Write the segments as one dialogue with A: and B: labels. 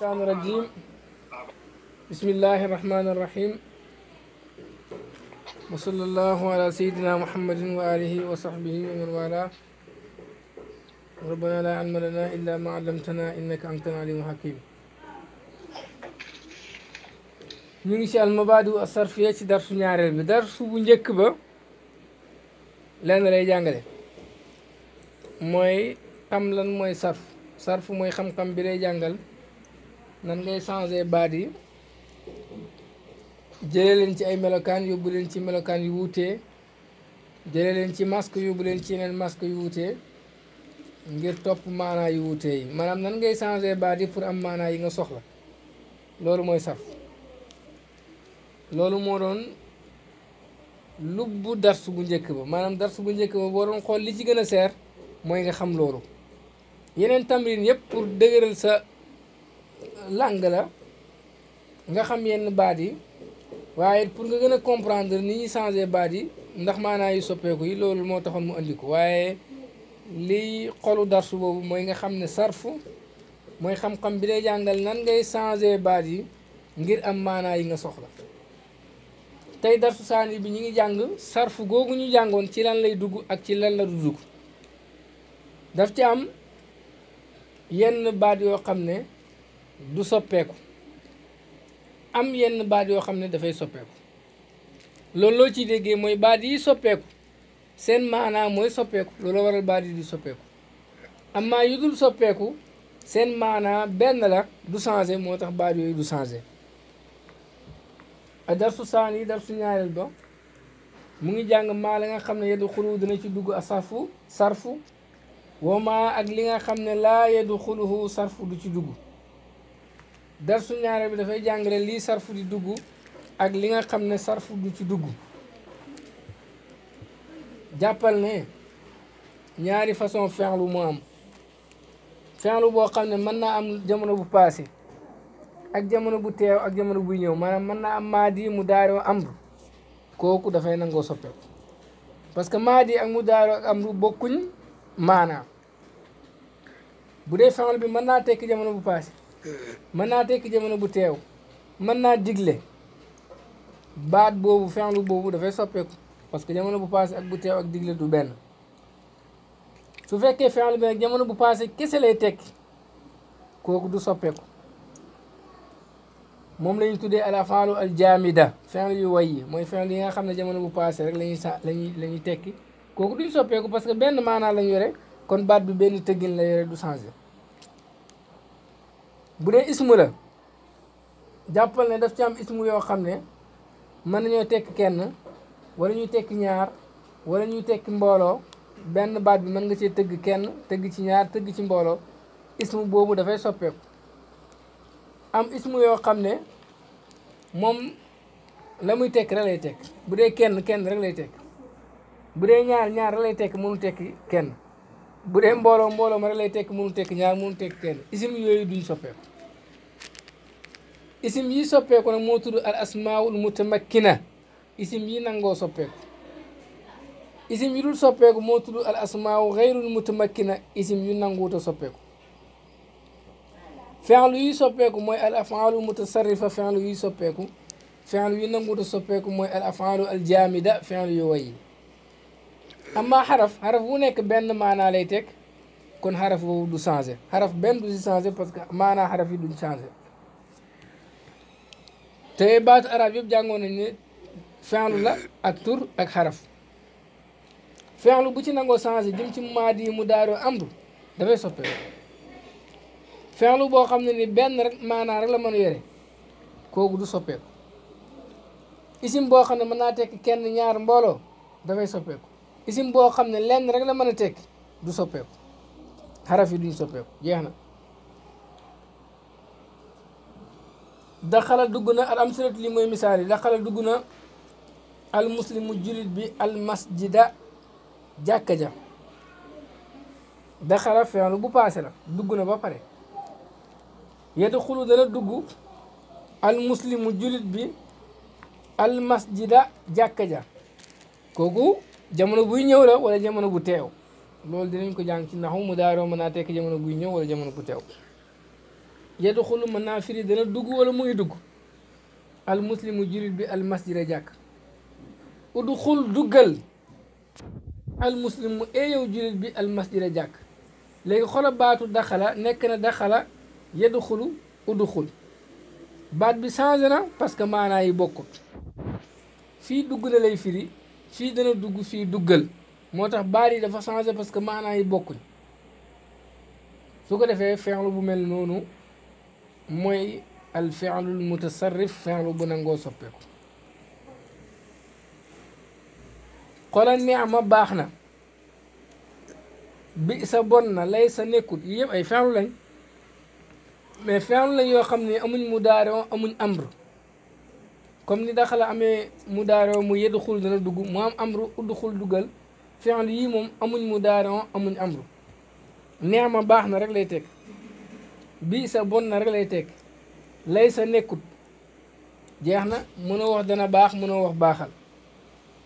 A: الشيطان الرجيم بسم الله الرحمن الرحيم وصلى الله على سيدنا محمد وآله وصحبه ومن والاه ربنا لا علم لنا إلا ما علمتنا إنك أنت العليم الحكيم نيجي شي المبادئ الصرفية شي درس نيار علمي درس بنجك با لان لاي جانغالي موي خم لان موي صرف صرف موي خم خم بي لاي جانغال nan ngay changé baat yi jële leen ci ay melokaan yóbbu leen ci melokaan yu wuutee jële leen ci masque yóbbu leen ci yeneen masque yu wuutee ngir topp maanaa yu wuutee yi maanaam nan ngay changé baat yi pour am maanaa yi nga soxla loolu mooy saf loolu moo doon lubbu darsu bu njëkk ba maanaam darsu bu njëkk ba boo doon xool li ci gën a seer mooy nga xam loolu yeneen tamrin yëpp pour dëgëral sa làng la nga xam yenn baat yi waaye pour nga gën a comprendre ni ñuy changé baat yi ndax maanaa yu soppeeku yi loolu moo taxoon mu andi ko waaye liy xolu darsu boobu mooy nga xam ne sarfu mooy xam-xam bi day jàngal nan ngay changé baat yi ngir am maanaa yi nga soxla tey darsu saani bi ñu ngi jàng sarfu googu ñu jàngoon ci lan lay dugg ak ci lan la du dugg daf ci am yenn baat yoo xam ne du soppeeku am yenn baat yoo xam ne dafay soppeeku loolu loo ciy déggee mooy baat yi soppeeku seen maanaa mooy soppeeku loolu waral baat yi di soppeeku amma yu dul soppeeku seen maanaa benn la du changé moo tax baat yooyu du changé darsu saan yi darsu ñaareel ba mu ngi jàng maa la nga xam ne yeddu xuluhu dina ci dugg a sarfu sarfu woo maa ak li nga xam ne laa yeddu xuluhu sarfu du ci dugg darsu ñaare bi dafay jàngale lii sarfu di dugg ak li nga xam ne sarfu du ci dugg jàppal ne ñaari façon fenlu mu am fenlu boo xam ne mën naa am jamono bu passé ak jamono bu teew ak jamono buy ñëw maanaam mën naa am maadi mu daaroo amru kooku dafay nangoo soppeeku parce que maadi ak mu daaroo am amru bokkuñ maanaam bu dee fenlu bi mën naa tekki jamono bu passé mën naa tekki jamono bu teew mën naa digle baat boobu fenlu boobu dafay soppeeku parce que jamono bu passé ak bu teew ak digle du benn su fekkee fenlu bi nag jamono bu passé kese lay tekki kooku du soppeeku moom la tuddee al afaalu al jaamida fenlu yu way yi mooy fenlu yi nga xam ne jamono bu passé rek lañuy sa lañuy la ñuy tekki kooku duñ soppeeku parce que benn maanaa lañ yore kon baat bi benn tëggin la yore du changé bu dee ismu la jàppal ne daf ci am ismu yoo xam ne mën nañoo tekk kenn walla ñuy tekki ñaar wala ñuy tekki mbooloo benn baat bi mën nga see tëgg kenn tëgg ci ñaar tëgg ci mbooloo ismu boobu dafay soppeeku am ismu yoo xam ne moom la muy tekk rek lay tekk bu dee kenn kenn rek lay tekk bu dee ñaar ñaar rek lay tekk mënu tekki kenn bu dee mbooloo mbooloo ma rek lay tekk mënu tekk ñaar mënu tekk kenn isim yooyu duñ soppeeku isim yi soppeeku na moo tudd al asmaul mutamakkina isim yi nangoo soppeeku isim yi soppeeku moo tudd al asmaau xayrul mutamakkina isim yu nanguuta soppeeku fenlu yuy soppeeku mooy al afaalu mutasarrifa fenlu yuy soppeeku fenlu yu nanguuta soppeeku mooy al afaalu al jaamida fenlu yi wayi amma xaraf xaraf bu nekk benn maanaa lay teg kon xaraf boobu du changé xaraf benn du si changé parce que maanaa xaraf yi duñ changé te baatu arab yëpp jàngoon nañ ni fenlu la ak tur ak xaraf fenlu bu ci nangoo changé jëm ci maadi yi mu daaru amdu dafay soppeeku fenlu boo xam ne ni benn rek maanaa rek la mën a yore kooku du soppeeku isim boo xam ne mën naa tekk kenn ñaar mbooloo dafay soppeeku isim boo xam ne lenn rek la mën a tekki du soppeeku xaraf yi duñ soppeeku jeex na daxala dugg na am amsilatu li mooy yi daxala dugg na al muslimu julit bi al masjida jàkka ja daxala bu paase la dugg na ba pare yadxulu dana dugg al muslimu julit bi al masjida jàkka ja kooku jamono buy ñëw la wala jamono bu teew loolu dinañ ko jàng ci naxu mu daaroo mën naa tekk jamono buy ñëw wala jamono bu teew yeddu xulu mën naa firi dana dugg wala muy dugg al muslimu julit bi al masjida jàkk udu xul duggal al muslimu eeyow julit bi al masjida jàkk léegi xoola baatu daxala nekk na daxala yeddu xulu udu xul baat bi changé na parce que maanaa yi bokkut fii dugg na lay firi fi dana dugg fii duggal moo tax baat yi dafa changé parce que maanaa yi bokkuñ su ko defee fexlu bu mel noonu mooy al fexlul mutasarrif fexlu bu nangoo soppeeku xoolal niama baax na bi sa bon na lay sa nekkut yëpp ay fexlu lañ mais fexlu lañ yoo xam ne amuñ mudaare amuñ amr comme ni daxala amee mu daaroo mu yedd xul dana dugg mu am ru udd xul duggal fi'l yii moom amuñ mu daaroo amuñ amru neex ma baax na rek lay tekk bii sa bon na rek lay tekk lay sa nekkut jeex na mënoo wax dana baax mënoo wax baaxal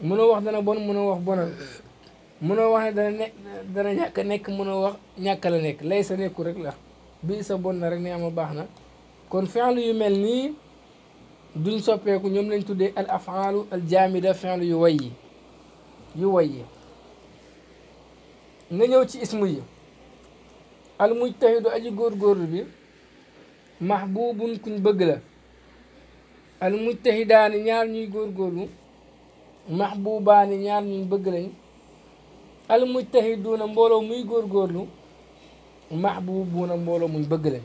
A: mënoo wax dana bon mënoo wax bonal mënoo wax ne dana ne dana nekk mënoo wax ñàkk la nekk lay sa rek la bii sa bon na rek neex ma baax na kon fi'l yu mel nii dul soppeeku ñoom lañ tuddee al afaalu al jaamida fi'lu yu way yi yu way yi nga ñëw ci ismu yi al mujtahidu góor góorgóorlu bi mahbubun kuñ bëgg la al mujtahidaani ñaar ñuy góorgóorlu mahbubaani ñaar ñuy bëgg lañ al mujtahiduuna mbooloo muy góorgóorlu mahbubuuna mbooloo muñ bëgg lañ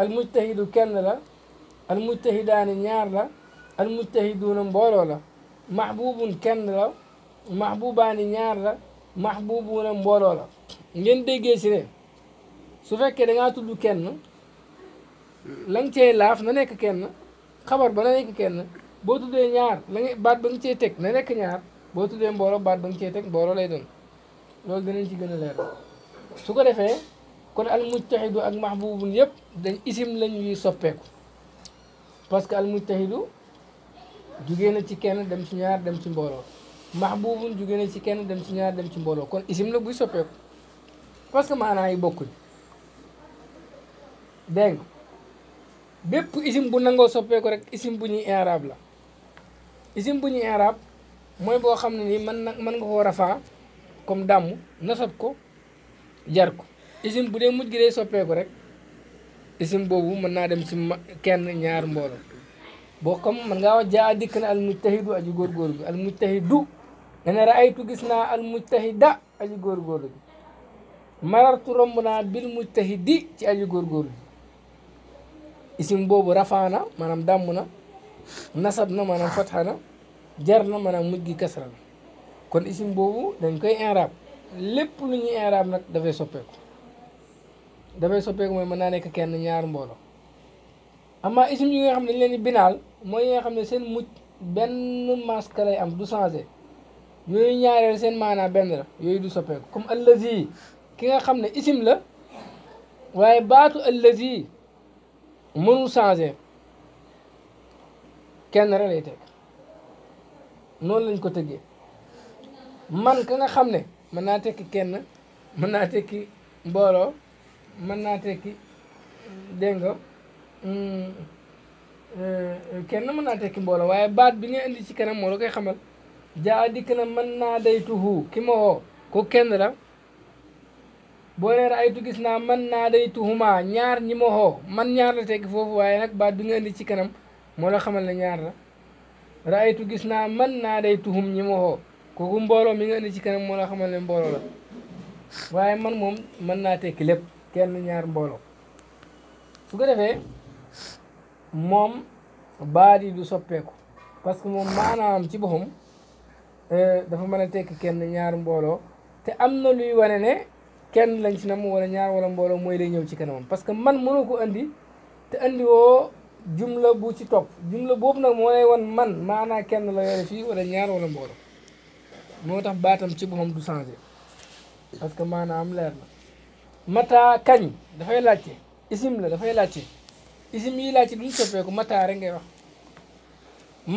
A: al mujtahidu kenn la al mujtahidaani ñaar la al mujtahiduuna mbooloo la mahbubun kenn la mahbubaani ñaar la mahbubuuna mbooloo la ngeen déggee si ne su fekkee dangaa ngaa tudd kenn la cee laaf na nekk kenn xabar ba na nekk kenn boo tuddee ñaar la nga baat ba nga cee teg na nekk ñaar boo tuddee mbooloo baat ba nga cee teg mbooloo lay doon loolu dinañ ci gën a leer su ko defee kon al mujtahidu ak mahbubun yëpp dañ isim lañuy soppeeku parce que al mujtahidu jugee na ci kenn dem ci ñaar dem ci mbooloo mahbubun jugee na ci kenn dem ci ñaar dem ci mbooloo kon isim la buy soppeeku parce que maanaa yi bokkuñ dégg nga bépp isim bu nangoo soppeeku rek isim bu ñuy i'raab la isim bu ñuy i'raab mooy boo xam ne nii mën na mën nga koo rafaa comme dàmm nasab ko jar ko isim bu dee mujj gi day soppeeku rek isim boobu mën naa dem ci kenn ñaar mbooloo boo comme mën ngaa wax jaa dikk na al mujtahidu aju góorgóor gi al mujtahidu
B: nga ne raaytu gis
A: naa al mujtahida aju góorgóor gi marartu romb naa bil mujtahidi ci aju góorgóor gi isim boobu rafaa na maanaam dàmm na nasab na maanaam fatxa na jar na maanaam mujj gi kasra la kon isim boobu dañ koy inraab lépp lu ñuy inraab nag dafay soppeeku dafay soppeeku mooy mën naa nekk kenn ñaar mbooloo amaa isim yi nga xam ne dañ leen di binaal mooy yi nga xam ne seen mujj benn masque lay am du changé yooyu ñaareel seen maanaa benn la yooyu du soppeeku comme allazi ki nga xam ne isim la waaye baatu allazi mënul changé kenn rek lay teg noonu lañ ko tëggee man ka nga xam ne mën naa tekki kenn mën naa tekki mbooloo mën naa tekki dégg nga mm, euh, kenn mën naa tekki mbooloo waaye baat bi nga indi ci kanam moo la koy xamal jaa dikk na mën naa daytuhu kenn la boo nee raaytu gis naa mën naa daytuhuma ñaar ñi man ñaar la tekki foofu waaye nag baat bi nga ci kanam moo la xamal ne ñaar la raaytu gis naa mën naa daytuhum ñi ma woo kooku mbooloo mi nga indi ci kanam moo la xamal ne mbooloo la waaye man moom mën naa tekki lépp kenn ñaar mbooloo su ko defee moom baat yi du soppeeku parce que moom am ci boppam euh, dafa man a tekki kenn ñaar mbooloo te am na luy wane ne kenn lañ ci nam wala ñaar wala mbooloo mooy lay ñëw ci kanamam parce que man mënoo ko andi te andi woo jumla bu ci topp jumla boobu nag moo lay wan man maanaa kenn la yore fii wala ñaar wala mbooloo moo tax baatam ci boppam du changé parce que maanaam leer na mata kañ dafay laajte isim la dafay laajte isim yi laajte duñ soppeeku mata rek ngay wax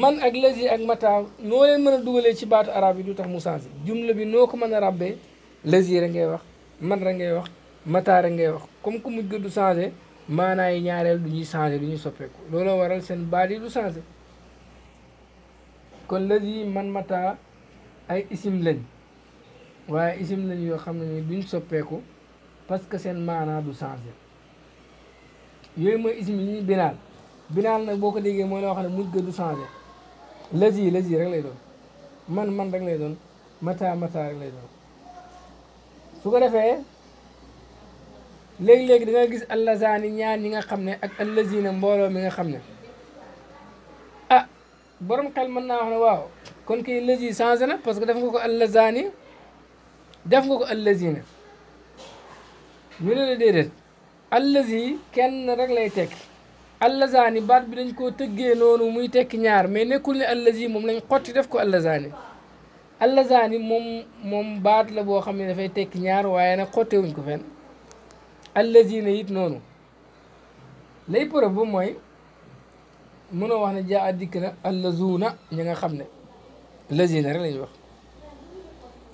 A: man ak lazi ak mata noo leen mën a dugalee ci baatu arab yi du tax mu changé jumle bi noo ko mën a rabbee lazi rek ngay wax man rek ngay wax mataa rek ngay wax comme que mujj changé maanaa yi ñaareel du ñuy changé du ñuy soppeeku looloo waral seen baat changé kon lazi man mata ay isim lañ waaye isim lañ yoo xam ne duñ soppeeku parce que seen maanaa du changé yooyu mooy ism yi binaal binaal nag boo ko déggee mooy loo xam ne mujj ga du changé lazi lazi rek lay doon man man rek lay doon mata mata rek lay doon su ko defee léegi-léegi da nga gis allazaani ñaar ñi nga xam ne ak allazina mbooloo mi nga xam ne a ah, borom xel mën naa wax ne waaw kon kii lazi changé na parce que def nga ko allazaani def nga ko allazina ñu ne la déedéet allazi kenn rek lay tekki allazaani baat bi dañ koo tëggee noonu muy tekki ñaar mais nekkul ne allazi moom lañ xotti def ko allazaani allazaani moom moom baat la boo xam ne dafay tekki ñaar waaye nag wuñ ko fenn allazi ne it noonu lay preuve mooy mooy noo wax ne jaa a dikk na allazuuna ñi nga xam ne lazina rek la ñuy wax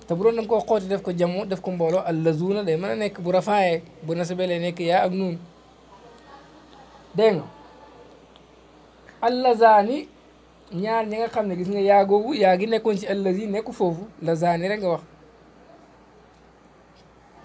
A: te bu doon da nga koo xooti def ko jamoo def ko mbooloo allazuuna day mën a nekk bu rafaaye bu nasabee lay nekk yaa ak nuun dégg nga allazaani ñaar ñi nga xam ne gis nga yaa googu yaa gi nekkoon ci allazi nekku foofu lazaani rek nga wax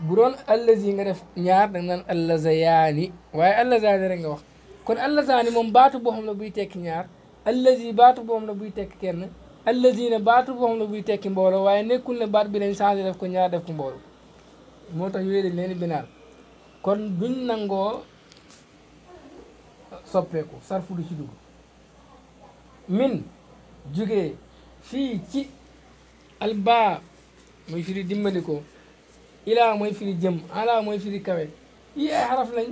A: bu doon allazi nga def ñaar da nga naan allazayaani waaye allazaani rek nga wax kon allazaani moom baatu boo xam ne buy tekki ñaar allazi baatu boo xam ne buy tekki kenn alladina baatu boo xam ne buy tekki mbooloo waaye nekkul ne baat bi lañ changé def ko ñaar def ko mbooloo moo tax yooyu dañ leen binaal kon duñ nangoo soppeeku sarfu du ci dugg min jógee fii ci albaa mooy firi dimbali ko ilaa mooy firi jëm ala mooy firi kawe yi ay lañ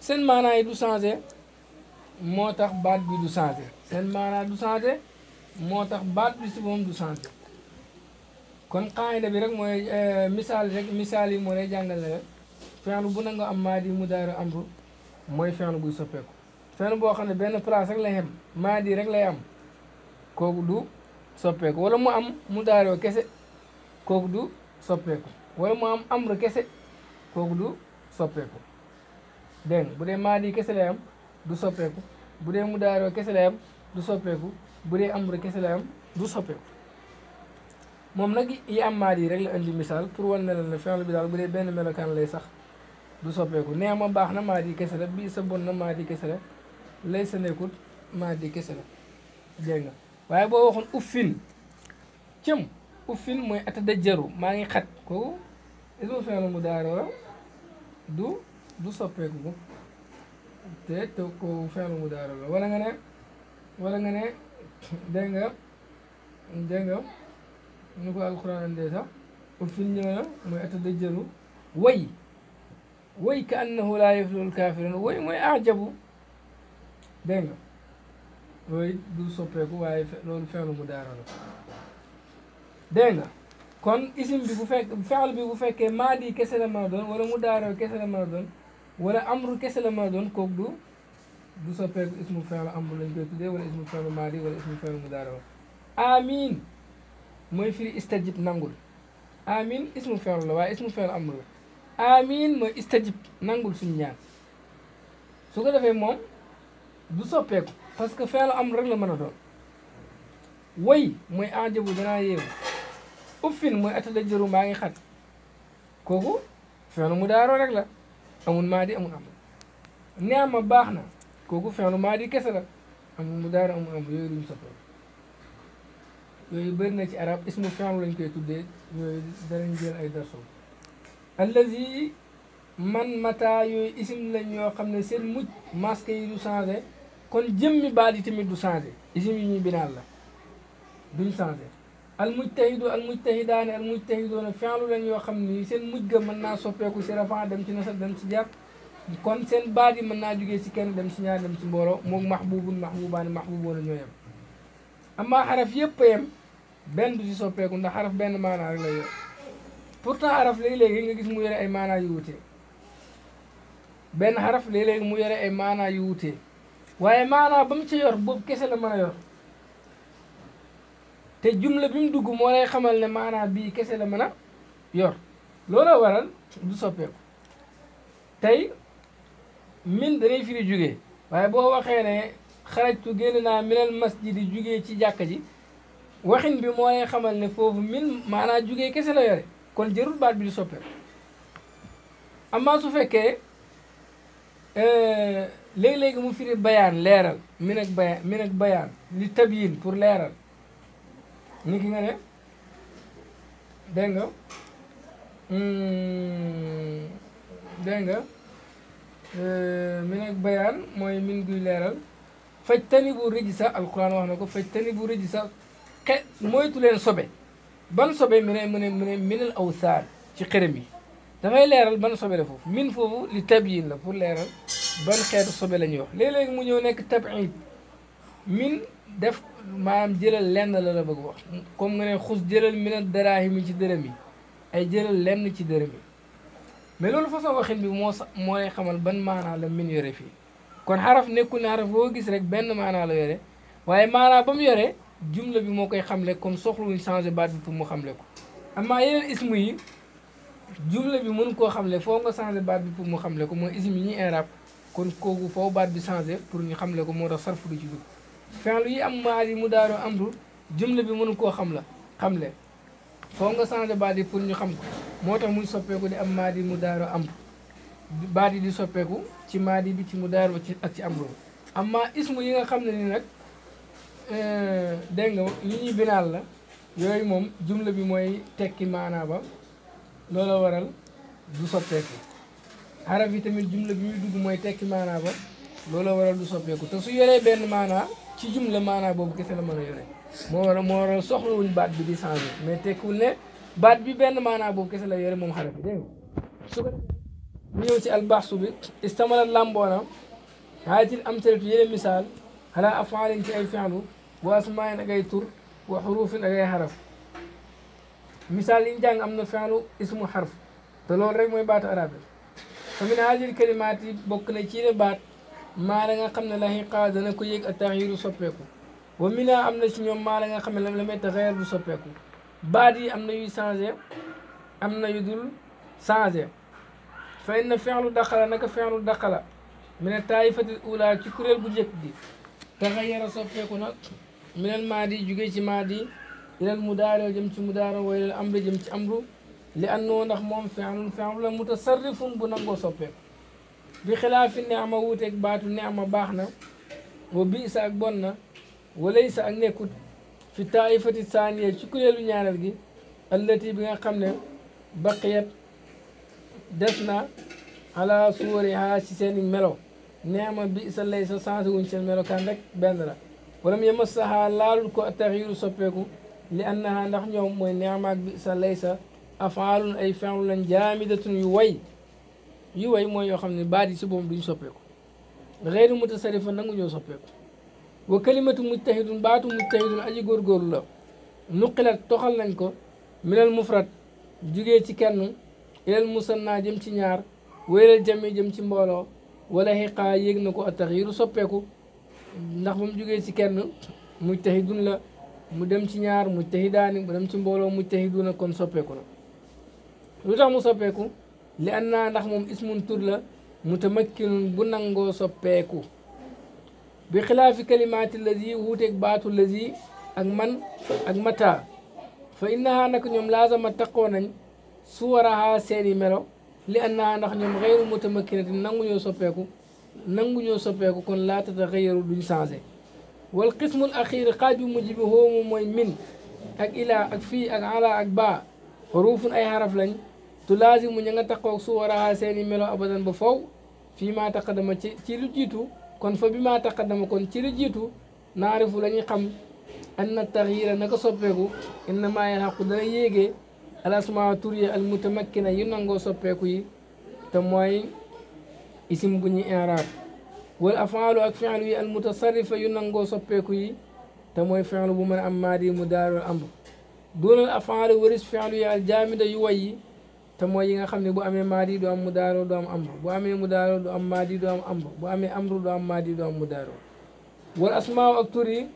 A: seen maanaa yi du changé moo tax baat bi du changé seen maanaa du changé motax bat baat bi si du sant kon qaida bi rek moy eh, misal rek misal yi moo lay jàngal ne bu nanga am madi mudaaru amru moy fenu bu soppeku fenu bo xamne ben place rek lay maadi rek lay am kooku du soppeku wala mu am mudaaroo kese kooku du soppeku wala mu am amru kese kooku du soppeku den bu de maadi kese lay am du soppeku bu de mudaaroo kese lay am du soppeku bu dee ambre kese la am du soppeeku moom nag yi am maat rek la indi misaal pour wan ne la bi daal bu dee benn melokaan lay sax du soppeeku neex ma baax na maat kese la bii sa bon na maat yi kese la lay waaye boo waxoon uffin cëm uffin mooy atadajjaru maa ngi xat kooku ismu fi'il mudaari du du soppeeku te te ko fi'il mudaari la wala nga ne wala nga ne dégg nga dégg nga ko alquran andee sax ut fil ñëw na mooy atadajjalu way way ka annahu laa yaflul kaafiroon way mooy ajabu dégg nga loolu du soppeeku waaye loolu feelu mu daara la dégg nga kon isim bi bu fekk fexal bi bu fekkee maadi kese la mën a doon wala mu daara kese la mën a doon wala amru kese la mën a doon kooku du دوسا فعل اسم فعل أم بلن ولا اسم فعل ماري ولا اسم فعل مدارة آمين ما يفري استجب نانغول آمين اسم فعل لوا اسم فعل أم آمين ما استجب نانغول سنيا سوكا دفع موم دوسا فعل بس كفعل أم رغل من رغل وي ما يعجب دنا يو أفن ما أتدجرو معي خط كوكو فعل مدارة رغل أمون ماري أمون أمون نعم باخنا kooku fenn maa di kese la amul mu daara am yooyu duñ soxla yooyu bëri na ci arab ismu fenn lañ koy tuddee yooyu danañ jël ay darso allazi man mata yooyu isim lañ yoo xam ne seen mujj masque yi du changé kon jëmmi baat yi tamit du changé isim yi ñuy la duñ changé al al mujtahidaani al mujtahidoona fenlu lañ yoo xam ne seen mujj ga mën naa soppeeku si rafan dem ci nasab dem si jàpp kon seen baat yi mën naa jógee ci kenn dem si ñaar dem si mbooloo moom max maxbubaani maxbuboona ñoo yem amaa xaraf yëpp yem benn du si soppeeku ndax xaraf benn maanaa rek lay yor pourtant xaraf léegi-léegi nga gis mu yore ay maanaa yu wutee benn xaraf léegi-léegi mu yore ay maanaa yu wutee waaye maanaa bam mu ci yor boobu kese la mën a yor te jumla bi mu dugg moo lay xamal ne maanaa bii kese la mën a yor looloo waral du soppeeku tey من داي فيري جوغي واي بو واخي ني خرجت جننا من المسجد جوغي تي جاكي واخين بي موي خمال ني فوف من مانا جوغي كيس لا يوري كون جيرول بات بي سوبر اما سو فكه ا لي لي مو فيري بيان ليرال منك بيان منك بيان لي تبيين بور ليرال نيكي غاني دنگو امم دنگو من البيان موي من غي ليرال فاجتني بو رجسا القران واخناكو فاجتني بو رجسا موي تولين صوبي بان صوبي من من من من الاوثان شي قرمي دا غاي ليرال بان صوبي لفوف من فوف لتبيين لا فور ليرال بان خيت صوبي لا نيو وخ لي لي مو نيو نيك تبعيد من def maam jëlal lenn la la bëgg wax comme nga ne xus jëlal min a daraahimi ci dërëm yi ay jëlal lenn ci dërëm yi mais loolu façon waxin bi moo sax moo lay xamal ban maanaa la min yore fii kon xaraf nekkul ne xaraf boo gis rek benn maanaa la yore waaye maanaa ba mu yore jumla bi moo koy xamle comme soxluwuñ changé baat bi pour mu xamle ko amaa yeneen bi mën koo xamle foo nga changé baat bi pour mu xamle ko mooy ismu yi ñuy kon kooku foo baat bi changé pour ñu xamle ko moo tax sarfu du ci dugg fi'lu yi am maal yi mu am amru jumla bi mënu koo xam la xamle foo nga changé baat yi pour ñu xam ko moo tax muy soppeeku di am maadi mu daaro am yi di soppeeku ci maadi bi ci mu daaro ci ak ci amru amma ismu yi nga xam ne ni nag eh, dégg nga yu ñuy binaal la yooyu moom jumla bi mooy tekki maanaa ba loola waral du soppeeku xaraf yi tamit jumla bi muy dugg mooy tekki maanaa ba loola waral du soppeeku te su yoree benn maanaa ci jumla maanaa boobu kese la mën a yore moo waral moo waral soxlawuñ baat bi di changé mais tekkiwul ne baat bi benn maanaa boobu kese la yore moom xaraf bi dégg nga su ko defee mu ñëw ci albaxsu bi istamala lamboona haatil amsalatu yeneen misaal xalaa afaalin ci ay fi'lu wa asmaayin ak ay tur wa xurufin ak ay misaal yi ñu jàng am na fi'lu ismu xarf te loolu mooy baat arab bi fa min haadil kalimaat yi bokk na ci ne baat maa nga xam ne la xiqaa dana ko yëg ak taxyiru soppeeku wa mina am na ci ñoom maa nga xam ne la may taxayir du soppeeku baat yi am na yuy changé am na yu dul changé fa inna fi'lu daxala naka fi'lu daxala mine taayifatil ula ci kuréel bu njëkk bi taxayara soppeeku nag minel maadi jugee ci maadi ilal mudaaroo jëm ci mudaaroo wa ilal amri jëm ci amru li annoo ndax moom fi'lun fi'lu la mutasarrifun bu nangoo soppeeku bi xilaafi ne ama wuuteeg baatu ne ama baax na wa biisa ak bon na wa laysa ak nekkut fi taifati saaniya ci kuréelu ñaareel gi allati bi nga xam ne baqiyat des na ala suwariha ci seeni melo neema bi sa lay sa changé wuñ seen melo kan rek benn la walam yamassaha laalul ko taxiiru soppeeku li annaha ndax ñoom mooy neemaak bi sa lay sa afaalun ay fenlu lañ jaamidatun yu way yu way mooy yoo xam ne baat yi si boobu duñ soppeeku xeyru mutasarifa nangu ñoo soppeeku وكلمة متحد بعد متحد أجي غور غور لا نقلت تخل نكو من المفرد جوجي تي كانو الى المثنى جيم تي نيار ويل الجميع جيم تي مbolo ولا هيقا ييغ نكو التغيير سوبيكو ناخ جوجي تي كانو متحد لا مو ديم تي نيار متحدان مو ديم تي مbolo متحدون كون سوبيكو لوتا مو اسم تور لا متمكن بو نانغو بخلاف كلمات الذي ووتك بات الذي أجمن أجمتا فإنها نكن يوم لازم تقونا سورها سيري ملو لأنها نحن غير متمكنة نمو يوسفيكو نمو يوسفيكو كن لا تتغير بالإنسان والقسم الأخير قد يمجبه مؤمن أك إلى أك في أك على أك با حروف أي حرف لن تلازم من ينتقو سورها سيري ملو أبدا بفو فيما تقدم تلجيتو kon fa bi maa taqaddama kon ci la jiitu naarifu la ñuy xam anna taxyira naka soppeeku innama yaxaqu dana yéegee al asmaa tur yi al mutamakkina yu nangoo soppeeku yi te mooy isim bu ñuy inraab wal afaalu ak fiilu yi al mutasarrifa yu nangoo soppeeku yi te mooy fiilu bu mën a am maadi mu daarul amr doonal afaalu waris fiilu yi al jaamida yu way yi te mooy yi nga xam bu amee maadi do am mudaro do am amru bu amee mudaro do am madi do am amru bu amee amru do am maadi do am mudaro wal asmaaw ak turi yi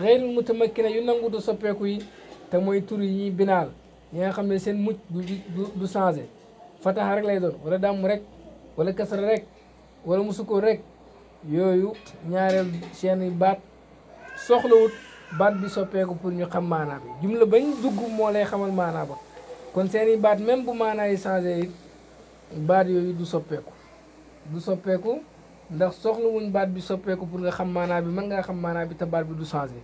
A: xeyrul mutamakkina yu nangu du soppeeku yi te mooy tur yi ñuy binaal yi nga xam ne mucc du du changé fataxa rek lay doon wala dam rek wala kasra rek wala musukoo rek yooyu ñaareel seen baat soxlawut bat bi soppeeku pour ñu xam maanaa bi jumla bañ dugg moo lay xamal maanaa kon seeni baat même bu maanaay changé it baat yooyu du soppeeku du soppeeku ndax wuñ baat bi soppeeku pour nga xam maanaa bi mën xam maanaa bi te baat bi du changé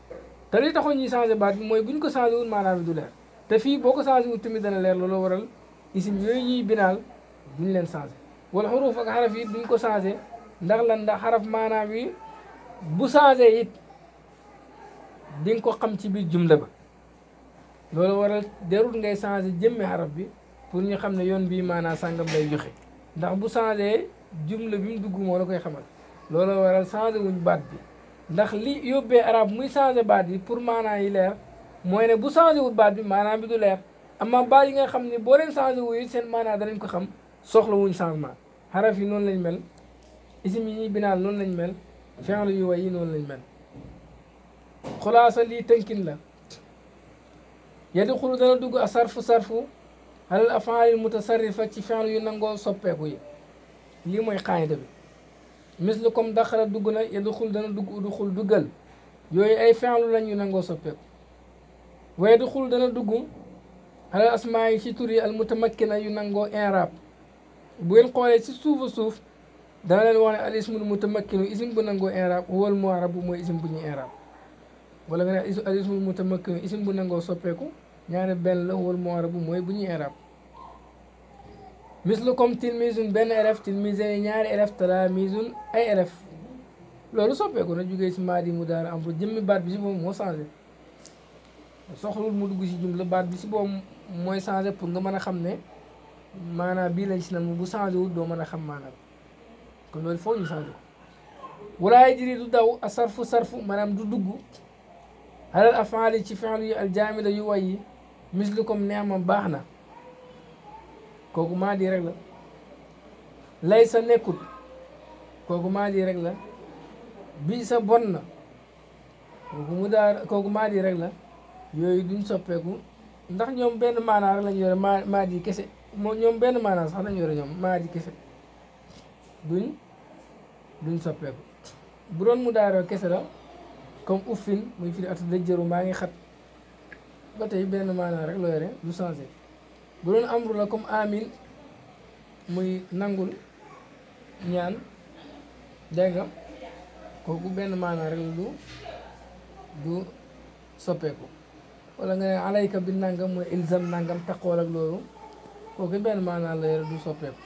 A: te li taxoon ñuy changé baat bi mooy buñ ko changé wul maanaa bi du leer te fii boo ko changé wul tamit dana leer loolu waral isim yooyu ñuy binaal duñ leen changé wala xuruf ak xaraf yi duñ ko changé ndax lan ndax xaraf maanaa bi bu changé it di ko xam ci biir jumla loolu waral jarul ngay changé jëmmi arab bi pour ñu xam ne yoon bii maanaa sangam lay joxe ndax bu changé jumla bi mu dugg moo la koy xamal loolu waral changé wuñ baat bi ndax li yóbbee arab muy changé baat yi pour maanaa yi leer mooy ne bu changé wul baat bi maanaa bi du leer amma baat yi nga xam ne boo leen changé wuyu seen maanaa danañ ko xam soxla wuñ changement xaraf yi noonu lañ mel isim yi ñuy binaal noonu lañ mel fi'l yu way yi noonu lañ mel xulaasa lii tënkin la يدخل دنا دوغ صرف صرف هل الافعال المتصرفه تي فعل يو سوبيكو لي موي قاعده بي مثلكم دخل دوغنا يدخل دنا دوغ دخول دوغل يوي اي فعل لا ينغو نانغو سوبيكو ويدخل دنا دوغ هل الاسماء تي توري المتمكنه ينغو اعراب بوين قولي تي سوف سوف dana leen wax ne al ismul mutamakkinu isim bu nangoo inrab wal muarab mooy isim bu ñuy inrab wala nga ñaari benn la wal mu'arab mooy bu ñu arab mislu comme tilmisun benn élève tilmisin ñaari élève talamisun ay élève loolu soppeeku na jógee si di mu daara am jëmmi baat bi si boobu moo changé mu dugg si jumla baat bi si mooy changé pour nga mën a xam ne maanaam bii lañ si nam bu changé wul doo mën a xam maanaam kon loolu foofu ñu changé ko walaay jiri du daw a sarfu sarfu maanaam du dugg alal afaali ci fenlu yi aljaamila yu way mislukum nee ma baax na kooku maa di rek la lay sa nekkut kooku maa di rek la bi sa bonna na kooku mu daar kooku di rek la yooyu duñ soppeku ndax ñom ben rek lañu yore ma di kese mo ñom mana maanaa sax lañu yore ñom ma di kese duñ duñ soppeku bu doon mu daaroo kese la comme uffin muy fi at lëjjëru ma ngi xat ba tey benn maanaa rek la du changé bu doon amru la comme amin muy nangul ñaan dégg nga kooku benn maanaa rek du du soppeeku wala nga ne alayka bi nangam mooy ilzam nangam taqool ak loolu kooku benn maanaa la yore du soppeeku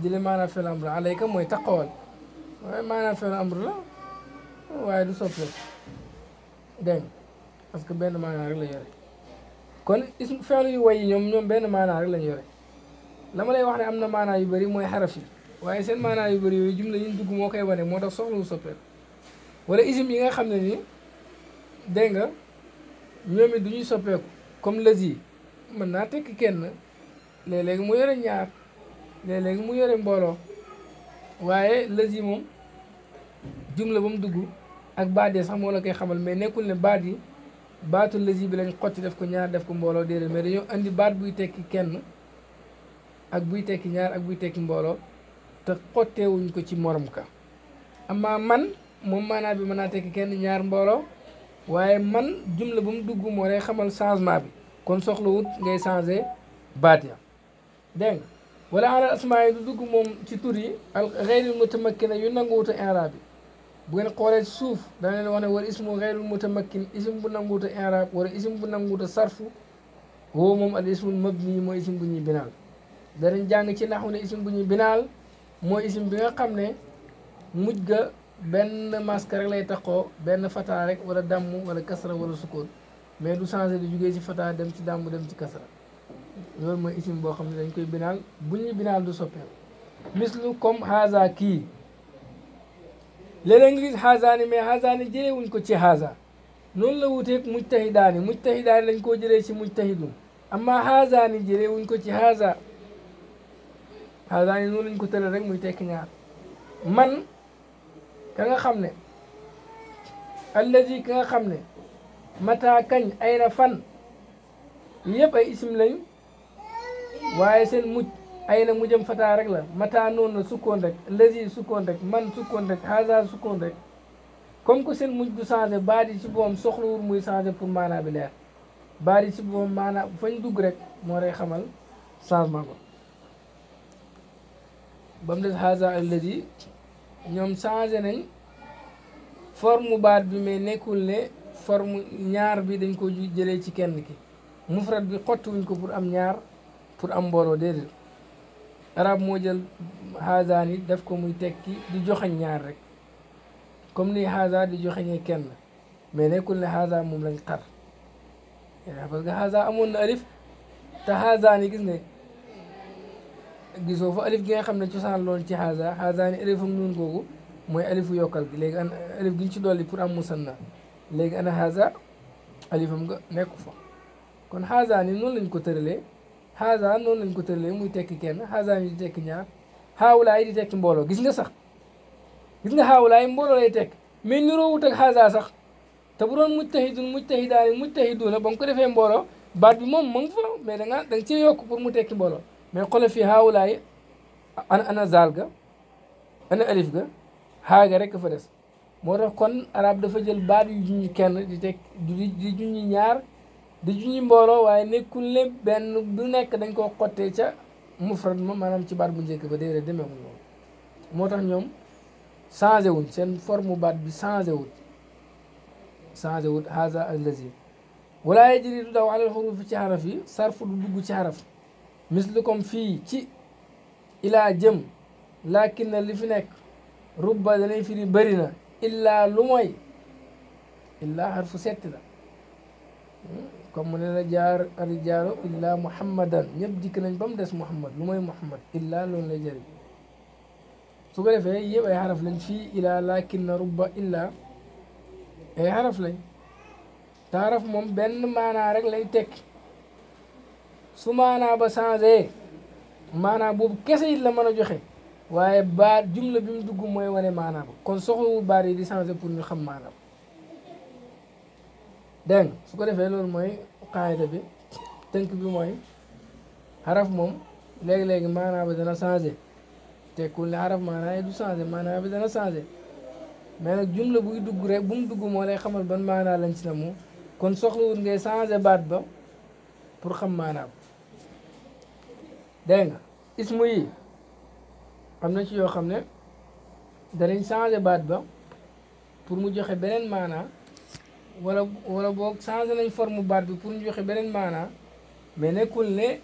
A: jële maanaa fel amru la alayka mooy takol waaye maanaa fel amru la waaye du soppeeku dégg parce que benn kon ism fenlu yu way yi ñoom ñoom benn maanaa rek lañu yore la ma lay wax ne am na maanaa yu bëri mooy xaraf yi waaye seen maanaa yu bëri yooyu jumla yiñ dugg moo koy wane moo tax soxla wu soppeeku wala isim yi nga xam ne ni dégg nga ñoom du ñuy soppeeku comme lës yi mën naa tekki kenn léeg-léeg mu yore ñaar léeg-léeg mu yore mbooloo waaye lës yi moom jumla ba mu dugg ak baat yi sax moo la koy xamal mais nekkul ne baat yi baatu lësi bi lañ xotti def ko ñaar def ko mbooloo déedéet mais dañoo andi baat buy tekki kenn ak buy tekki ñaar ak buy tekki mbooloo te xotteewuñ ko ci moroom ka amma man moom maanaa bi mën naa tekki kenn ñaar mbooloo waaye man jumla bu mu dugg moo lay xamal changement bi kon soxlawut ngay changé baat ya dégg nga wala alal asmaa yi du dugg moom ci tur yi al xeyril mutamakkina yu nanguwuta inra bi bu ngeen xoolee suuf dana leen wax ne wala ismu xeyrul mutamakkin ism bu nanguuta inraab wala ism bu nanguuta sarfu woo moom al ismul mag mooy ism bu ñuy binaal danañ jàng ci naxu ne ism bu ñuy binaal mooy ism bi nga xam ne mujj ga benn maska rek lay taxoo benn fataa rek wala dàmm wala kasra wala sukkoon mais du changé di jugee ci fataa dem ci dàmm dem ci kasra loolu mooy ism boo xam ne dañ koy binaal bu ñuy binaal du soppeeku mislu comme haza kii léeg-léeg nga gis xaasaani mais xaasaani jëlee wuñ ko ci xaasa noonu la wuteeg mujtahidaani mujtahidaani lañ koo jëlee ci mujtahidun amma xaasaani jëlee wuñ ko ci xaasa xaasaani noonu lañ ko tëral rek muy tekki ñaar man ka nga xam ne allazi ka nga xam ne mata kañ ay na fan yëpp ay isim lañ waaye seen ay na mu jëm fataa rek la mata noonu la sukkoon rek lesi sukkoon rek man sukkoon rek xaasa sukkoon rek comme que seen mujj du changé baat yi ci boppam soxlawul muy changé pour maanaa bi leer baat yi ci boppam fañ dugg rek moo lay xamal changement ko ba mu des xaasa ak ñoom changé nañ forme baat bi mais nekkul ne formu ñaar bi dañ ko jëlee ci kenn ki mufrad bi xottuwuñ ko pour am ñaar pour am mbooloo déedéet araab moo jël haazaan yi def ko muy tekki di joxañ ñaar rek comme ni haazaa di joxañee kenn mais nekkul ne haazaa moom lañ xar parce que haazaa amoon na alif te haazaan yi gis ne gisoo fa alif gi nga xam ne cosaan loolu ci haazaa haazaan yi mu nun googu mooy alifu yokkal gi léegi an alif gi ñu ci dolli pour am musanna léegi an ana haazaa alifam nga nekku fa kon haazaan yi noonu lañ ko tëralee xaasa noonu lañ ko tëralee muy tekki kenn xaasa mi di tekki ñaar xaawulaay di tekki mbooloo gis nga sax gis nga xaawulaay mbooloo lay tekk mais niroo wut ak xaasa sax te bu doon mujtahidun mujtahidaani mujtahiduuna ba mu ko defee mbooloo baat bi moom mu ngi fa mais da nga da yokk pour mu tekki mbooloo mais xoolal fii xaawulaay ana ana zaal ga ana alif ga xaaga rek fa des moo tax kon arab dafa jël baat yu junj kenn di tekk di ñaar. di junj mbooloo waaye nekkul ne benn du nekk dañ koo xottee ca mufrad ma maanaam ci baat bu njëkk ba déedéet demeewul loolu moo tax ñoom changé wuñ seen forme baat bi changé wut changé wut haza allazi wala yajri du daw alal xurufi ci xaraf yi sarfu du dugg ci xaraf mislu comme fii ci ilaa jëm lakin na li fi nekk rubba danay firi bëri na illaa lu mooy illaa xarfu setti la comme mu ne la jaar arijaalo illa muhammadan ñëpp dikk nañ ba mu des muhammad lu mooy muhammad illa loolu lay jëriñ su ko defee yëpp ay xaraf lañ fii ila lakin na rubba illa ay xaraf lañ te xaraf moom benn maanaa rek lay tekki su maanaa ba changé maanaa boobu kese it la mën a joxe waaye baat jumla bi mu dugg mooy wane maanaa ba kon soxlawul baat yi di changé pour ñu xam maanaa ba dégg nga su ko defee loolu mooy xaayda bi tënk bi mooy xaraf moom léegi-léegi maanaa bi dana changé tekkul ne xaraf maanaa yi du changé maanaa bi dana changé mais nag jumla buy dugg rek bu mu dugg moo lay xamal ban maanaa lañ si na moom kon soxlawul ngay changé baat ba pour xam maanaam dégg nga am na ci yoo xam ne danañ changé baat ba pour mu joxe beneen maanaa wala wala boog changé nañ forme baat bi pour ñu joxe beneen maanaa mais nekkul ne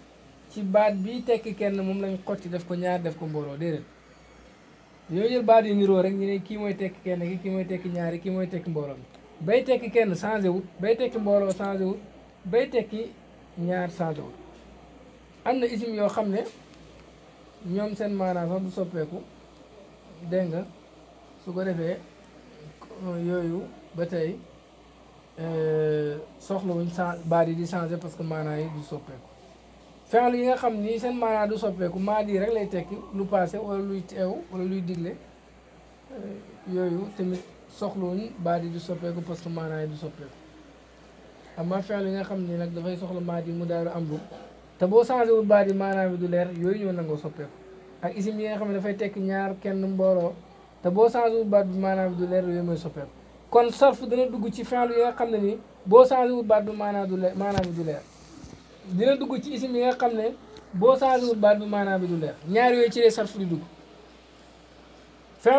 A: ci baat bi tekki kenn moom lañ xotti def ko ñaar def ko mbooloo déedéet yooyu jël yu niroo rek ñu ne kii mooy tekki kenn ki mooy tekki ñaari kii mooy tekki mbooloo bay tekki kenn changé wut bay tekki mbooloo changé wut bay tekki ñaar changé am na isim yoo xam ne ñoom seen maanaa sax soppeeku dégg nga su ko defee yooyu ba tey Euh, soxla wuñ change baat yi di changé parce que maanaa yi du soppeeku fenl yi nga xam ni seen maanaa du soppeeku maa di rek lay tekki lu passé wala luy teew wala luy digle euh, yooyu tamit soxlawuñ baat yi du soppeeku parce que maanaa yi du soppeeku amma fenl yi nga xam ni nag dafay soxla maa yi mu daaru am lu te boo changé wu baat yi maanaa bi du leer yooyu ñoo nangoo soppeeku ak isim yi nga xam ne dafay tekki ñaar kenn mbooloo te boo changé wul baat bi maanaa bi du leer yooyu mooy soppeeku kon sarf dana dugg ci fi'l yi nga xam ne ni boo changé wul baat bi maanaa du leer maanaa leer dina dugg ci isim yi nga xam ne boo changé wul baat bi maanaa du leer ñaar yooyu ci lay sarf di dugg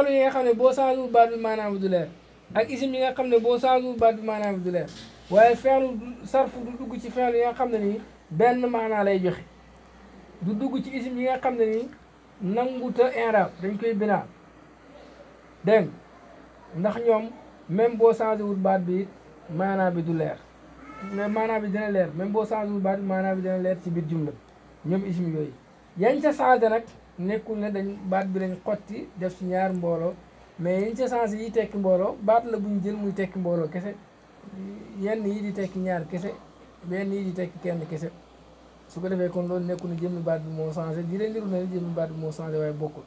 A: yi nga xam ne boo changé wul baat bi maanaa ak isim yi nga xam ne boo changé wul baat bi maanaa bi du leer waaye fi'l sarf du dugg ci fi'l yi nga xam ne nii benn maanaa lay joxe du dugg ci isim yi nga xam ne nii nanguta inrab dañ koy binaa dégg ndax ñoom même boo changé wul baat bi maanaa bi du leer mais maanaa bi dina leer même boo changé wul baat bi maanaa bi dina leer ci biir jumla ñoom ismu yooyu yañ ca changé nag nekkul ne dañ baat bi dañ xotti def ci ñaar mbooloo mais yañ ca changé yi tekki mbooloo baat la buñ jël muy tekki mbooloo kese yenn yi di tekki ñaar kese benn yi di tekki kenn kese su ko defee kon loolu nekkul ne jëmmi baat bi moo changé di leen niru ne jëmmi baat bi moo changé waaye bokkul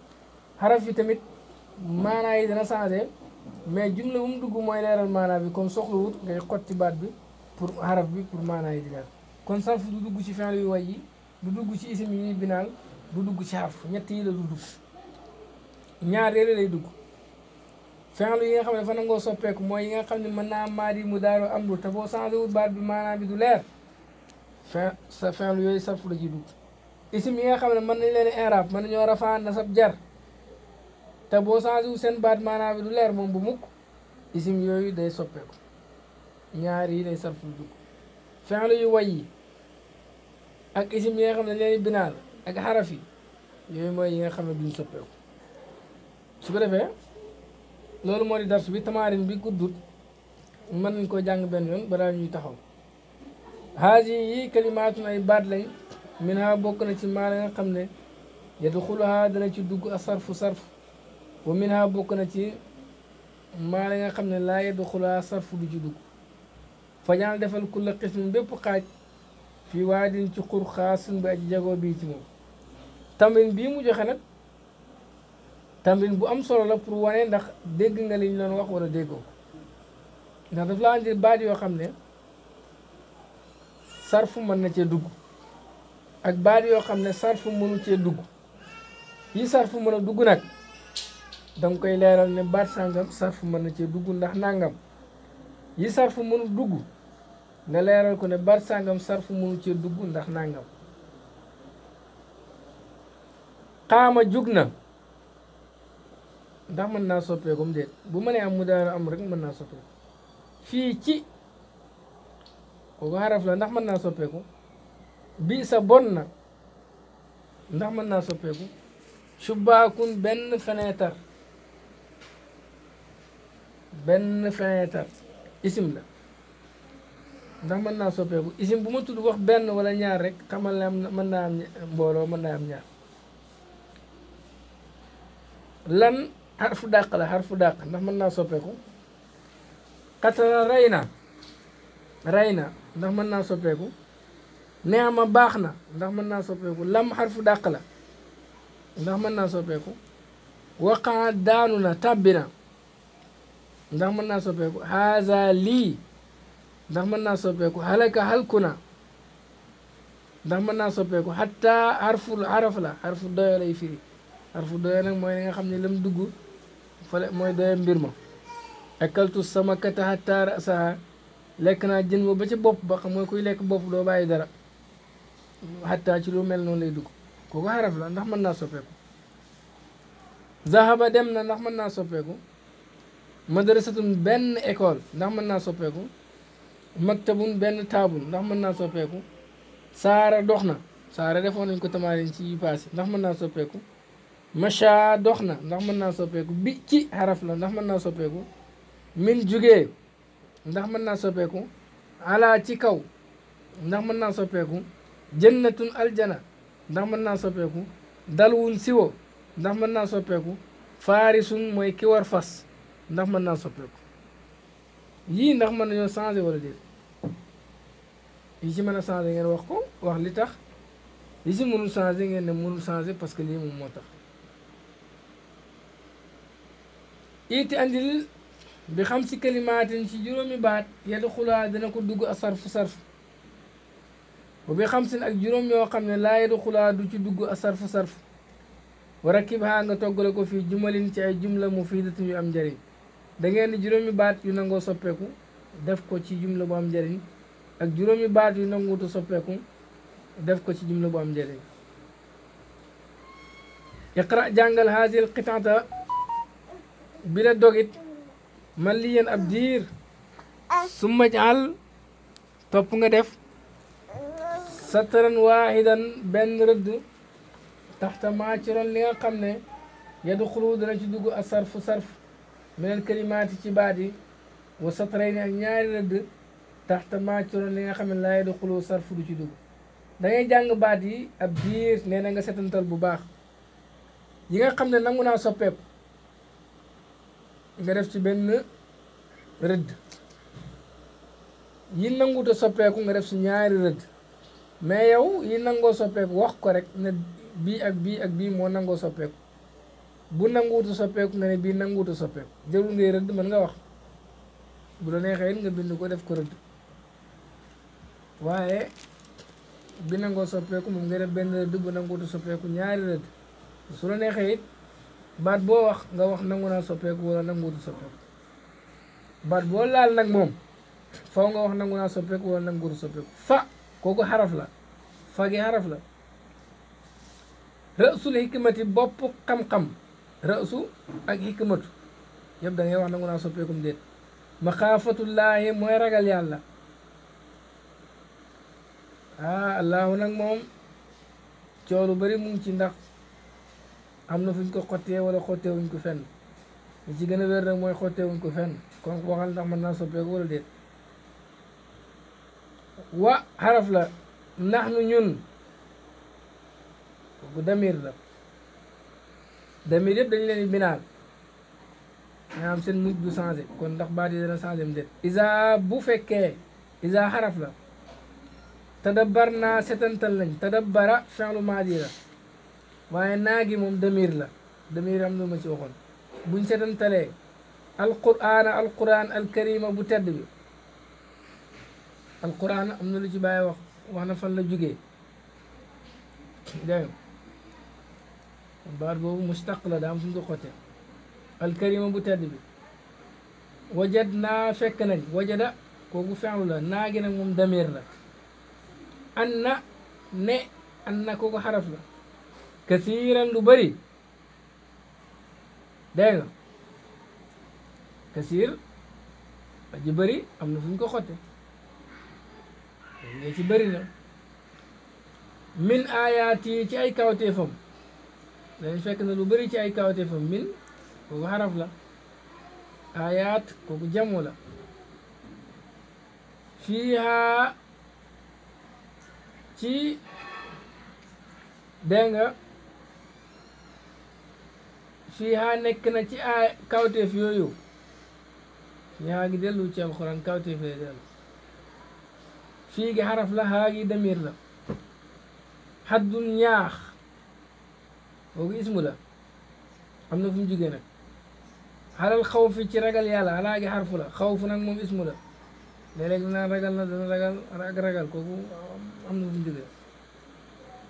A: xaraf yi tamit maanaa yi dana changé mais jumla bu dugg mooy leeral maanaa bi kon soxlawut ngay xotti baat bi pour xaraf bi pour maanaa yi di leer kon sarf du dugg ci fin yu way yi dugg ci isim yi ñuy binaal dugg ci xarf ñett la du ñaar yële lay dugg fenlu yi nga xam ne fa nangoo soppeeku mooy yi nga xam ne mën naa maadi mu daaru am lu te boo baat bi maanaam bi du leer fin sa fenlu yooyu sarfu la ji dugg isim yi nga xam ne mën nañ leen inrab mën nañoo rafaan na sab jar te boo changé wu seen baat maanaam bi du leer moom bu mukk isim yooyu day soppeeku ñaar day sarful dugg fenlu yu way ak isim yi nga xam ne leen binaal ak xaraf yi yooyu nga xam ne duñ soppeeku su ko defee loolu moo di darsu bi tamaarin bi guddut mën nañ koo jàng benn yoon balaa ñuy taxaw haas yi yi kalimaatun baat lañ min ha bokk na ci maana nga xam ne yadxuluhaa dana ci dugg a sarfu sarfu wa minha bokk na ci maa la nga xam ne laa yadxulaa sarfu du ci dugg fajaal defal kulla xismin bépp xaaj fii waadin ci xur xaasun bi aji jagoo bii ci moom tamrin bii mu joxe nag tamrin bu am solo la pour wane ndax dégg nga liñ doon wax wala déggoo ndax daf laa andi baat yoo xam ne sarfu mën na cee dugg ak baat yoo xam ne sarfu mënu cee dugg yi sarfu mën a dugg nag danga koy leeral ne baat sàngam sarfu mën na cee dugg ndax nàngam yi sarfu mënu dugg nga leeral ko ne baat sàngam sarfu mënu cee dugg ndax nàngam xaama jug na ndax mën naa soppeeku mu déet bu mënee am mu daara am rek mën naa soppeeku fii ci kooku xaraf la ndax mën naa soppeeku bii sa bon na ndax mën naa soppeeku subaakun benn fenêtre ben feneetar isim la ndax na soppé bu isim bu ma tudd wax ben wala ñaar rek xamal na man na am mbolo man na am ñaar lan harfu daq la harfu daq ndax man na soppé ko qatara rayna rayna ndax mën naa soppeeku neema ndax na soppé ko lam harfu daq la ndax mën naa waqaa ndax mën naa soppeeku haza lii ndax mën naa soppeeku halaka halkuna ndax mën naa soppeeku hatta harful haraf la harfu doyo lay firi harfu doyo nag mooy li nga xam ne lam dugg fale mooy doyo mbir ma akaltu samakata hatta rasaha lekk naa jën ba ba ci bopp ba xam nga kuy lekk bopp doo bàyyi dara hatta ci lu mel noonu lay dugg kooku haraf la ndax mën naa soppeeku zahaba dem na ndax mën naa soppeeku madrasatun benn école ndax mën naa soppeeku maktabun benn taabun ndax mën naa soppeeku saara dox na saara defoon nañ ko tamaarin ci yi paase ndax mën naa soppeeku macha dox na ndax mën naa soppeeku bi ci xaraf la ndax mën naa soppeeku min jugee ndax mën naa soppeeku ala ci kaw ndax mën naa soppeeku jannatun aljana ndax mën naa soppeeku dalwun siwo ndax mën naa soppeeku faarisun mooy ki war fas ndax mën naa soppeeku yii ndax mën nañoo changé wala déet yi ci mën a changé ngeen wax ko wax li tax li ci mënul changé ngeen ne mënul changé parce que lii moom moo tax iiti andil bi xam si kalimaatin si juróomi baat yadda xulaa dana ko dugg a sarf sarf bu bi xam sin ak juróom yoo xam ne laa yadda xulaa du ci dugg a sarf sarf wa rakib haa nga toggale ko fii jumalin ci ay jumla mufidatin yu am njëriñ da ngeen di juróomi baat yu nangoo soppeeku def ko ci jumla bu am njëriñ ak juróomi baat yu nanguutu soppeeku def ko ci jumla bu am njëriñ iqra jàngal haazil qitaata bi la dogit man li yéen ab diir summa jaal topp nga def sataran waahidan benn rëdd taxta maa ci ron li nga xam ne yadu xulu dana ci dugg a sarfu sarf minal kalimaati ci baat yi wa satrayni ak ñaari rëdd taxta maa ci roon li nga xam ne laay di xuloo sarfu du ci dugg da ngay jàng baat yi ab diir nee na nga setantal bu baax yi nga xam ne nangu naa soppeeku nga def ci benn rëdd yi nanguta soppeeku nga def ci ñaari rëdd mais yow yi nangoo soppeeku wax ko rek ne bii ak bii ak bii moo nangoo soppeeku bu nanguutu soppeeku nga ne bii nanguutu soppeeku jërul ngay rëdd mën nga wax bu la neexee it nga bind ko def ko rëdd waaye bi nangoo soppeeku moom nga def benn rëdd bu nanguutu soppeeku ñaari rëdd su la neexee baat boo wax nga wax nangu soppeeku wala nanguutu soppeeku baat boo laal nag moom faw nga wax nangu naa soppeeku wala nanguutu soppeeku fa kooku xaraf la fa gi xaraf la rësul hikmati bopp xam-xam ra'su ak hikmatu yeb da ngay wax nangu naa soppeekum déet llahi moy ragal yalla ah Allah nak mom ciolu bari mu ci ndax amna fuñ ko wala xottee wuñ ko fenn li ci gëna wër nak moy mooy wuñ ko fenn kon waxal ndax wala wa haraf la nahnu ñun bu damir la damir yëpp dañu leen binaal maanaam seen mujj du changé kon ndax baat yi dana changé mu déet isa bu fekkee isa xaraf la tadabbar naa setantal lañ tadabbara fi'lu maadi la waaye naa gi moom damir la damir am lu ma ci waxoon buñ setantalee alqur'aana alqur'aan alkarima bu tedd bi alqur'aan am na lu ci bàyyi wax wax na fan baat boobu mustaq la daam fu ko xottee alkarima bu tedd bi wajad naa fekk nañ wajada kooku fenlu la naa gi nag moom dameer la an na ne an na kooku xaraf la kasiiran lu bari dégg nga kasiir aji bëri am na fu ñu ko xotte léegi ci bari la min aayaat yi ci ay kawteefam day fekk na lu bari ci ay kawteefam min kooku xaraf la ayaat kooku jamu la fiiha ci dégg nga fiiha nekk na ci ay kawteef yooyu fiiha gi dellu ci alxuraan kawteef lay dellu gi xaraf la haa gi damir la xaddun ñaax هو اسمه ده حمنا فيم جيجينا على الخوف في رجل يلا على أي حرف له خوف نان مم اسمه ده لذلك نان رجل نان رجل رج رجل كوكو حمنا فيم جيجينا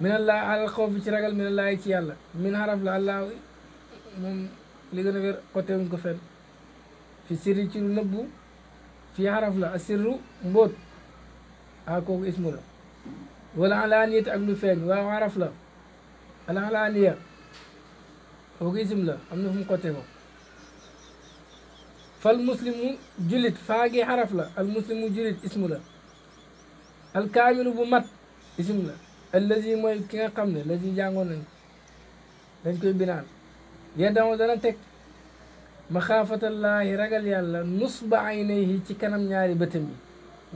A: من الله على الخوف في رجل من الله يجي الله من حرف له الله مم لقنا غير قتهم كفن في سر يجي نبو في حرف له السر موت هاكو اسمه ده ولا على أن يتأمل فين وعرف له على على أن يه هوجي جملة أنهم قتبوا فالمسلم جلد فاجي حرف لا المسلم جلد اسم لا الكامل بمت اسم لا الذي ما يكنا قمنا الذي جانونا لن كي بنان يدعو دانا تك مخافة الله رجل يالله نصب عينيه تكنم ياري بتمي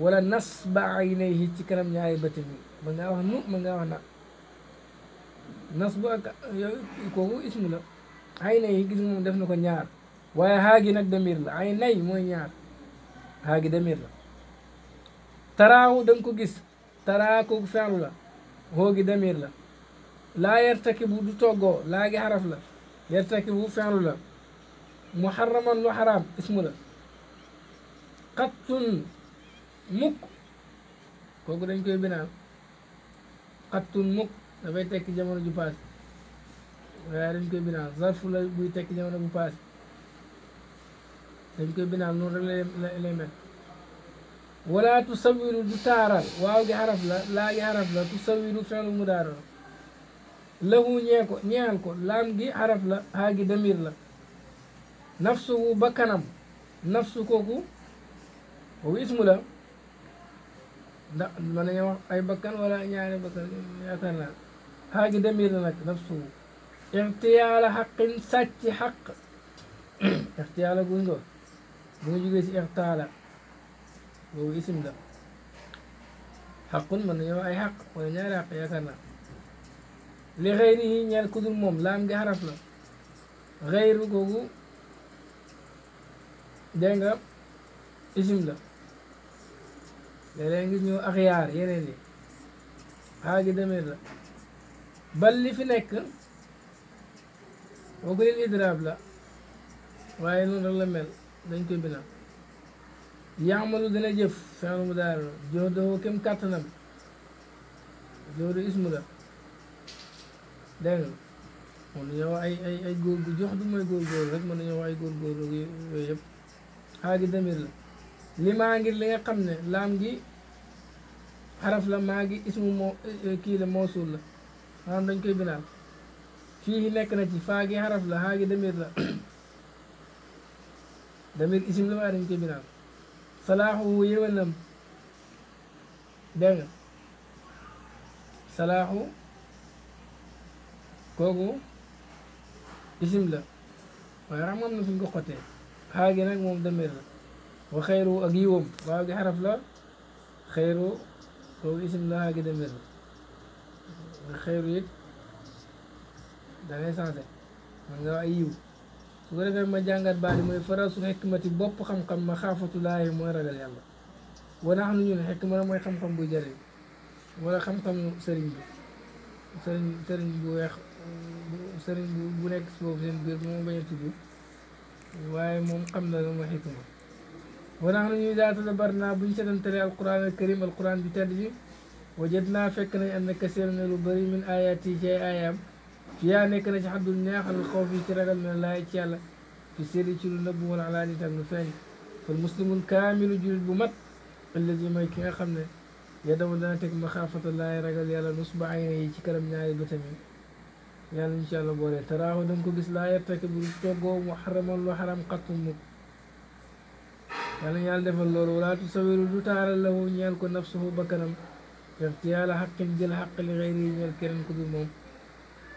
A: ولا نصب عينيه تكنم ياري بتمي من غاوه نو من غاوه نا نصب يكوه اسم لا ay nay gis moom def na ko ñaar waaye xaagi nag damir la ay nay mooy ñaar xaagi damir la taraaw da nga ko gis taraa ko fenlu la xoogi damir la laa yartaki bu du toggoo laa gi la yartaki bu fenlu la muharraman lu xaraam ismu la xattun mukk kooku dañ koy binaan xattun mukk dafay tekki jamono ju paase waaye dañ koy binaam zarfu la buy tekki jamono bu paase dañ koy binaam noonu rek la lay mel tu sawiru du taaral waaw gi xaraf la laa gi xaraf la tu sawiru fenlu mu daaro lahu ñee ko ñeel ko laam gi xaraf la xaa gi damir la nafsuhu kooku la ndax mën nañu wax ay bakkan gi damir la nag nafsuhu ixtiyaala xaqin sàcc xaq ixtiyaala gun go bu nga jógee si ixtaala boobu isim la xaqun mën nañoo ay xaq wala ñaari xaq yaakaar na li xëyri yi ñeel ku moom laan gi xaraf la xëyru googu dégg nga isim la léeg-léeg ngi ñëw axyaar yeneen yi xaa gi demee la bal li fi nekk wakulil idraab la waaye noonu rek la mel dañ koy binam yaamalu dana jëf fenal mu daar jox doo du góor gu jox du mooy góor góor rek mën nañoo wax ay góor góor yooyu yëpp xaa gi damir la li maa ngir li nga xam ne laam gi xaraf la maa ngi ismu moo eh, eh, kii la moosuul la maanaam dañ koy binaal فيه لك نتي فاقي حرف لا هاقي دمير لا دمير اسم لما عارف كيف بنعم صلاح هو يولم دغ صلاح كوغو اسم لا ويرحم من في القوتين هاقي نك موم دمير لا وخيرو اجيوم وهاقي حرف لا خيرو كوغو اسم لا هاجي دمير لا خيرو يك da ngay changé man nga wax ay yiw su ko defee ma jàngat baat yi mooy faral su xikmati bopp xam-xam ma xaafatu laay mooy ragal yàlla wala xam nañu ne xikma mooy xam-xam bu jëriñ wala xam-xamu sëriñ bi sëriñ sëriñ bu weex sëriñ bu bu nekk si boobu seen biir moom bañ a tudd waaye moom xam na la mooy xikma wala xam nañu daata la bar naa buñ seetantalee alquran al karim alquran bi tedd bi wajat naa fekk nañ am na kaseer ne lu bëri min ayaati ci ay ayaam yaa nekk na ci xaddu neexal xaw fii ci ragal mi ne laay ci yàlla fi séri ci lu nëbb wala alaani tam lu feeñ kon muslimun kaamilu julit bu mat allazi mooy ki nga xam ne yadama dana teg maxaafata laay ragal yàlla nusba ayna yi ci kanam ñaari bëtami yàlla ñu ci yàlla boole taraahu da nga ko gis laa yertake bu toggoo mu xaramal lu xaram xattu mukk yàlla yàlla defal loolu walaa tusawiru du taaral lahu ñeel ko nafsuhu bakkanam ixtiyaala xaqin jël xaq li xëyri yi ñeel keneen ku dul moom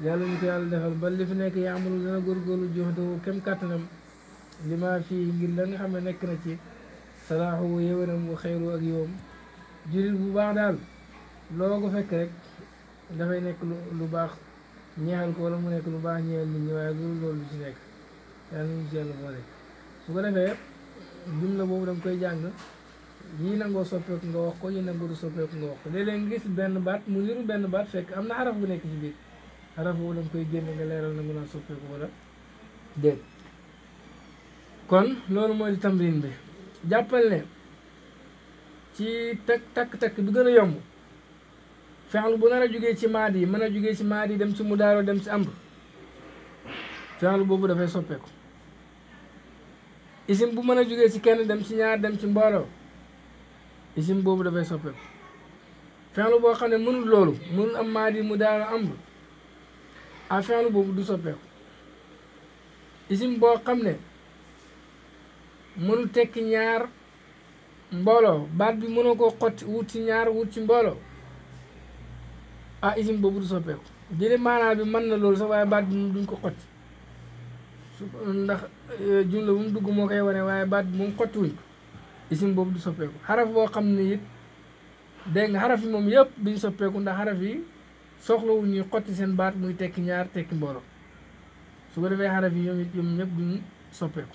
A: yàlla ñu ko yàlla defal ba li fi nekk yaamalu dana góorgóorlu jox doo kem kàttanam li ma fii ngir la xam ne nekk na ci salaaxu yéwénam bu xeyru ak yowam jullit bu baax daal loo ko fekk rek dafay nekk lu baax ñeexal ko wala mu nekk lu baax ñeexal nit ñi waaye loolu loolu ci nekk yàlla nañu ci yàlla boole su ko defee jumla boobu danga koy jàng yii nangoo soppeeku nga wax ko yii nangoo du soppeeku nga wax ko léeg nga gis benn baat mu niru benn am na xaraf bu nekk xaraf woo lañ koy génne nga leeral na mu naa soppeeku wala déet kon loolu mooy di tamrin bi jàppal ne ci takk takk takk bi gën a yomb fexlu bu nar a jugee ci maadi yi mën a jugee ci maadi yi dem ci mudaaroo dem si amr fexlu boobu dafay soppeeku isim bu mën a jugee ci kenn dem si ñaar dem ci mbooloo isim boobu dafay soppeeku fexlu boo xam ne mënul loolu mënul am maadi mudaaroo amr alfi'lu boobu du soppeeku isim boo xam ne mënu tekki ñaar mbooloo baat bi mënoo koo xotti wut ci ñaar wut ci mbooloo ah isim boobu du soppeeku jële maanaa bi mën na loolu sax waaye bi duñ ko xotti ndax euh, jumla bu mu dugg moo koy wane waaye baat bi moom xotti wuñ ko isim boobu du soppeeku xaraf boo xam ne it dégg nga xaraf moom yëpp duñ soppeeku ndax xaraf yi soxlawu ñuy xotti seen baat muy tekki ñaar tekki mbooloo su ko defee xaraf yi ñoom ñoom ñëpp duñu soppeeku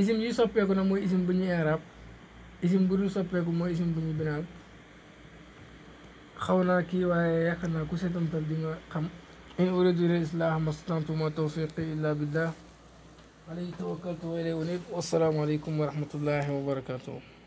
A: isim yi soppeeku nag mooy isim bu ñuy arab isim bu dul soppeeku mooy isim bu ñuy binaal xaw naa kii waaye yaakaar naa ku seetantal di nga xam in uridu ila islah mastantu ma tawfiqi illa billah alayhi tawakkaltu wa ilayhi unib wassalaamu aleykum wa rahmatullahi wa barakatuh